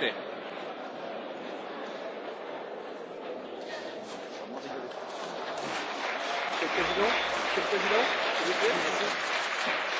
7. Monsieur le Président, Monsieur le Président, s'il vous plaît.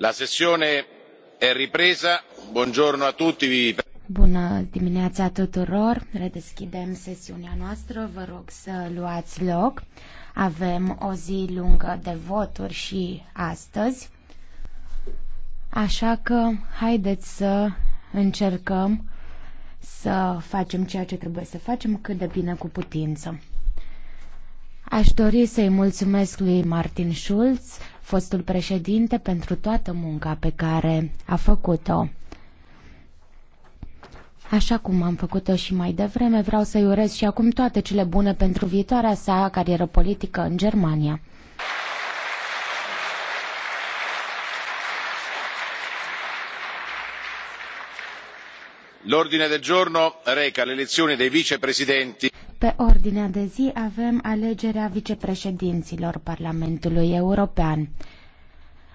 la sessione è ripresa buongiorno a tutti Bună dimineața tuturor! Redeschidem sesiunea noastră. Vă rog să luați loc. Avem o zi lungă de voturi și astăzi. Așa că haideți să încercăm să facem ceea ce trebuie să facem cât de bine cu putință. Aș dori să-i mulțumesc lui Martin Schulz fostul președinte pentru toată munca pe care a făcut-o. Așa cum am făcut-o și mai devreme, vreau să-i urez și acum toate cele bune pentru viitoarea sa carieră politică în Germania. L'ordine del giorno reca l'elezione dei vicepresidenti. Pe ordinea de zi avem alegerea vicepreședinților Parlamentului European.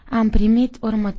Am primit următoarea